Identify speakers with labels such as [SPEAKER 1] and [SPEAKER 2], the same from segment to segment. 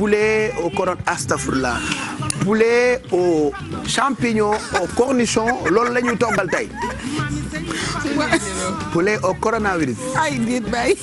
[SPEAKER 1] poulet aux carottes astafurlah poulet aux champignons aux cornichons loolu la ñuy toggal tey poulet au coronavirus. ay déet bay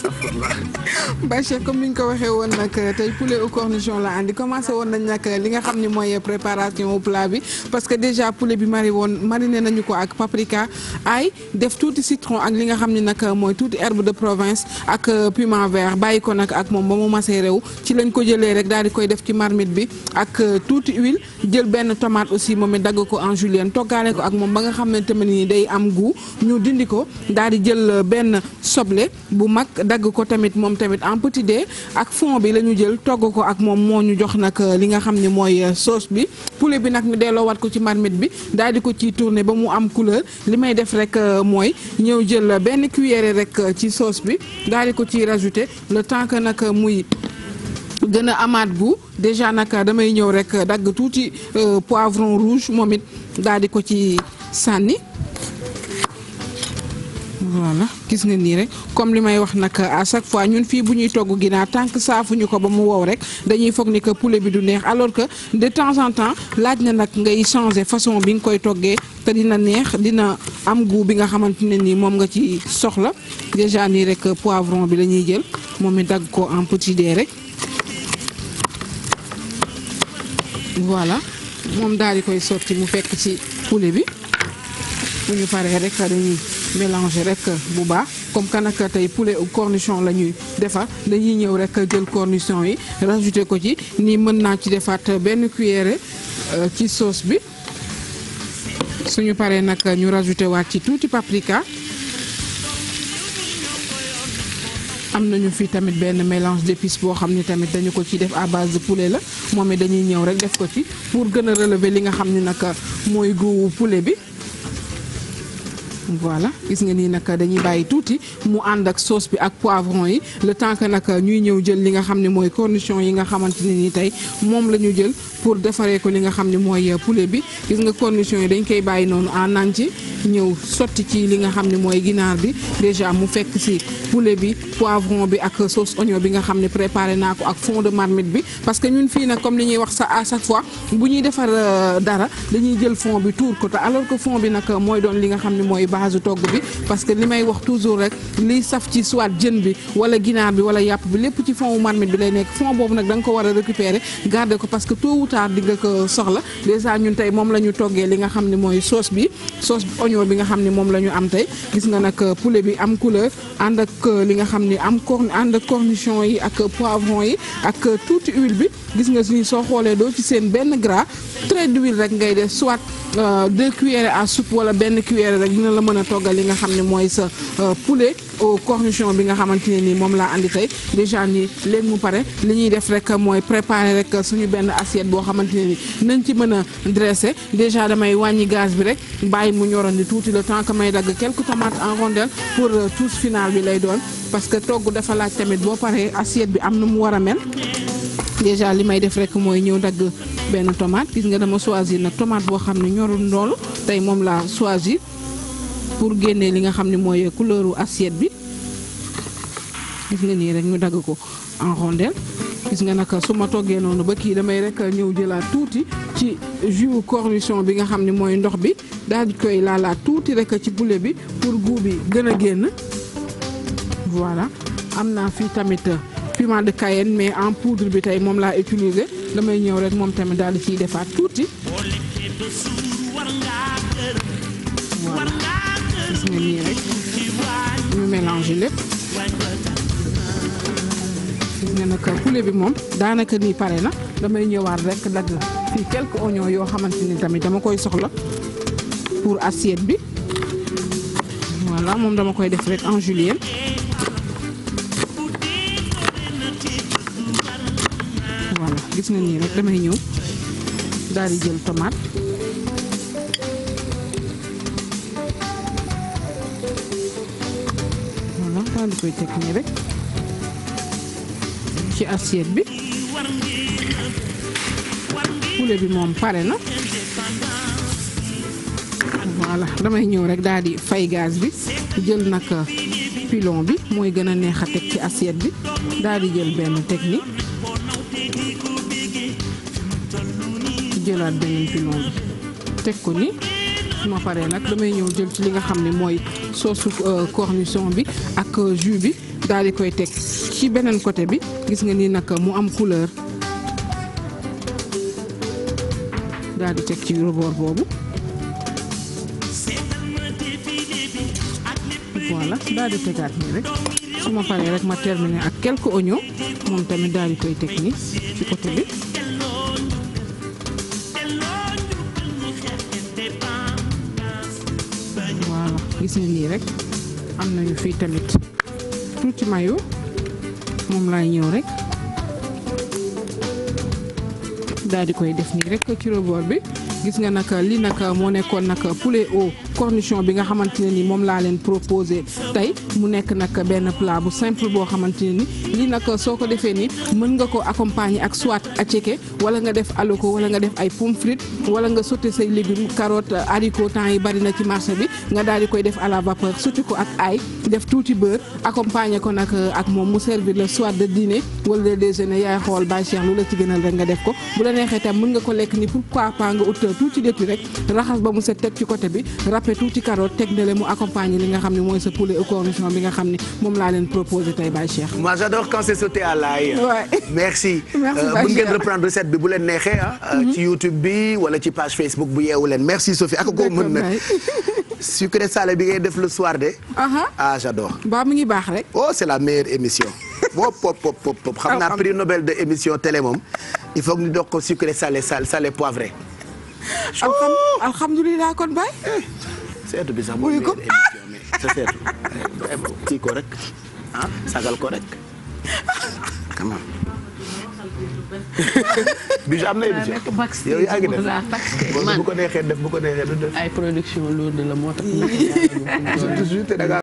[SPEAKER 1] Bachir comme ni ñu ko waxee woon nag tey poulet au cornichon la andi commencé woon nañ nag li nga xam ni mooy préparation au plat bi parce que déjà poulet bi mari woon mariné nañu ko ak paprika ay def tuuti citron ak li nga xam ni nag mooy tuuti herbe de province ak euh, piment vert bàyyi ko nag ak moom ba mu masee réew ci lañ ko jëlee rek daal di koy def ci marmit bi ak euh, tuuti huile jël benn tomate aussi moom it dagg ko en julienne toggaale ko ak moom ba nga xam ne tamit nii day am goût ñu dindi ko daal di jël euh, benn soble bu mag dagg ko tamit moom tamit en petit de ak fond bi la ñu jël togg ko ak moom moo ñu jox nag euh, li nga xam ne mooy euh, soos bi poulet bi nag ñu delloowaat ko ci marmite bi daal di ko ciy tourner ba mu am couleur li may def rek mooy ñëw jël benn cuillère rek ci soos bi daal ko ci rajouter le temps que nag muy gën a amaat bu déjà nag damay ñëw rek dagg tuuti poivron rouge moom it daal di ko ci sànni voilà gis nga nii rek comme li may wax nag à chaque fois ñun fii bu ñuy togg ginaar tànk saafuñu ko ba mu wow rek dañuy foog ni que poulet bi du neex alors que de temps en temps laaj na nag ngay changé façon bi nga koy toggee te dina neex dina am goo bi nga xamante ne nii moom nga ci soxla déjà nii rek poivron bi la ñuy jël moom it dagg ko en petit dé rek voilà moom daal di koy sotti mu fekk ci poulet bi bu ñu paree rek mélanger rek bu baax comme que nag tey poulet ou cornichon la ñuy defar dañuy ñëw rek jël cornichon yi rajouter ko ci nii mën naa ci defaat benn cuillère euh, ci sauce bi suñu paree nag ñu rajouter waat ci tuuti paprika am nañu fi tamit benn mélange d'épices boo xam ni tamit dañu ko ci def à base de poulet la moom it dañuy ñëw rek def ko ci pour gën a relever li nga xam ni nag mooy goût poulet bi. voilà gis nga nii nag dañuy bàyyi tuuti mu ànd ak sauce bi ak poivron yi le temps que nag ñuy ñëw jël li nga xam ne mooy cornichon yi nga xamante tey moom la jël pour defaree ko li nga xam ne mooy poulet bi gis déjà mu fekk si poulet bi poivron bi ak sauce oignon bi nga xam ne préparé naa ko ak fond de marmite bi parce que ñun fii nag comme li ñuy wax sa à chaque fois bu ñuy defar euh, dara dañuy jël fond bi tuur ko te alors que fond bi nag mooy doon li base togg bi parce que li may wax toujours rek liy saf ci soit jën bi wala ginaar bi wala yàpp bi lépp ci fond wu marmite bi lay nekk fond boobu nag da ko war a récupérer garder ko parce que tôt ou tard di ko tey moom la ñu toggee li nga xam ne mooy sauce bi sauce oignon bi nga xam ne moom la ñu am tey gis nga nag euh, bi am couleur ànd ak euh, nga xam ne am corn ànd ak yi ak euh, poivron yi ak tuuti huile bi gis nga ni soo xoolee doo ci seen benn gras trait ngay def soit deux cuillères à soupe wala benn cuillère dina la mën a toggal li nga xam ne mooy sa euh, poulet au cornichon bi nga xamante ne nii moom laa andi tey déjà nii mu pare li ñuy def rek mooy préparer rek suñu benn assiette boo xamante ne nii nañ ci mën a dressé déjà damay wàññi gaz bi rek bàyyi mu ñoroon di tuuti le temps que may dagg quelques tomates en rondelle pour euh, touche bi lay doon parce que togg dafa laaj boo paree assiette bi am na mu war a mel déjà li may def rek mooy ñëw dagg benn tomate gis nga dama choisir nag tomate boo xam ne ñorul loolu tey moom laa choisir pour génne li nga xam ne mooy couleuru assiette bi gis nga nii rek ñu dagg ko en rondelle gis nga nag su ma toggee noonu ba kii damay rek ñëw jëlaat tuuti ci jus cornichon bi nga xam ne mooy ndox bi daal di koy laalaat rek ci poulet bi pour goût bi gën a génn voilà am naa fii tamit piment de Cayenne mais en poudre bi tey moom laa utiliser damay ñëw rek moom tamit daal di ciy defaat tuuti voilà gis na nii rek ñu mélangé lépp gis nga nag poulet bi moom daanaka nii pare na damay ñëwaat rekk dagg fii quelques oignons yoo xamante ni tamit dama koy soxla pour assiette bi voilà moom dama koy def rek en julienne voilà gis na nii rek damay ñëw daal di jël tomate. daal di koy teg nii rek ci assiette bi poulet bi moom pare na voilà damay ñëw rek daal di fay gaz bi jël nag euh, pilon bi mooy gën a neex a teg ci assiette bi daal di jël benn teg nii jëlaat beneen pilon bi teg ko nii. su ma paree nag damay ñëw jël ci li nga xam ne mooy soosu euh, cornichon bi ak euh, jus bi daal di koy teg ci beneen côté bi gis nga ni nag mu am couleur daal di teg ci rebord boobu voilà daal di tegaat nii rek su ma paree rek ma terminer ak quelques oignons moom tamit daal di koy teg nii ci côté bi. waaw gis nga nii rek am nañu fii tamit tuuti mayu moom lay ñëw rekk daal di koy def nii rek ci roboor bi gis nga nag li nag moo nekkoon nag pule o cornichon bi nga xamante ne ni moom laa leen proposé tey mu nekk nag benn plat bu simple boo xamante ne ni lii nag soo ko defee ni mën nga ko accompagner ak soit attiéké wala nga def aloko wala nga def ay pommes frites wala nga sauté say légumes carottes haricots temps yi bari na ci marché bi nga daal di koy def à la vapeur sauté ko ak ay def tuuti beurre accompagner ko nag euh, ak moom mu servir la soit de dîner wala de déjeuner yaay xool Baye Cheikh lu la ci gënal rek def ko bu la neexee nga ko lekk ni pourquoi pas nga ut tuuti detu rek raxas bi râpé tuuti carotte teg na mu accompagner li nga xam ne mooy sa poulet au cornichon bi nga xam ne moom laa leen proposé tey Baye Cheikh. moi j'adore quand c'est sauté à l'ail. merci. merci Baye euh, ngeen reprendre recette bi bu leen neexee ah. Euh, mhm. ci YouTube bi wala ci page Facebook bu yeewu leen merci Sophie ak koo mën nag. sucré salé bi ngay def le soir de. ah j'adore. ba mu ngi baax rek. o oh, c'est la meilleure émission. pop pop pop pop xam naa ah, prix Nobel de émission télé moom il faut que ñu doog ko sucré salé seetu bi sax. wuyu ko mais ah. sa seetu kii ko rek ah sagal ko rek quand même. Bijou am na émission yow yaa ngi def bu ko neexee def bu ko neexee du def. ay production lourde la moo tax. toujours te da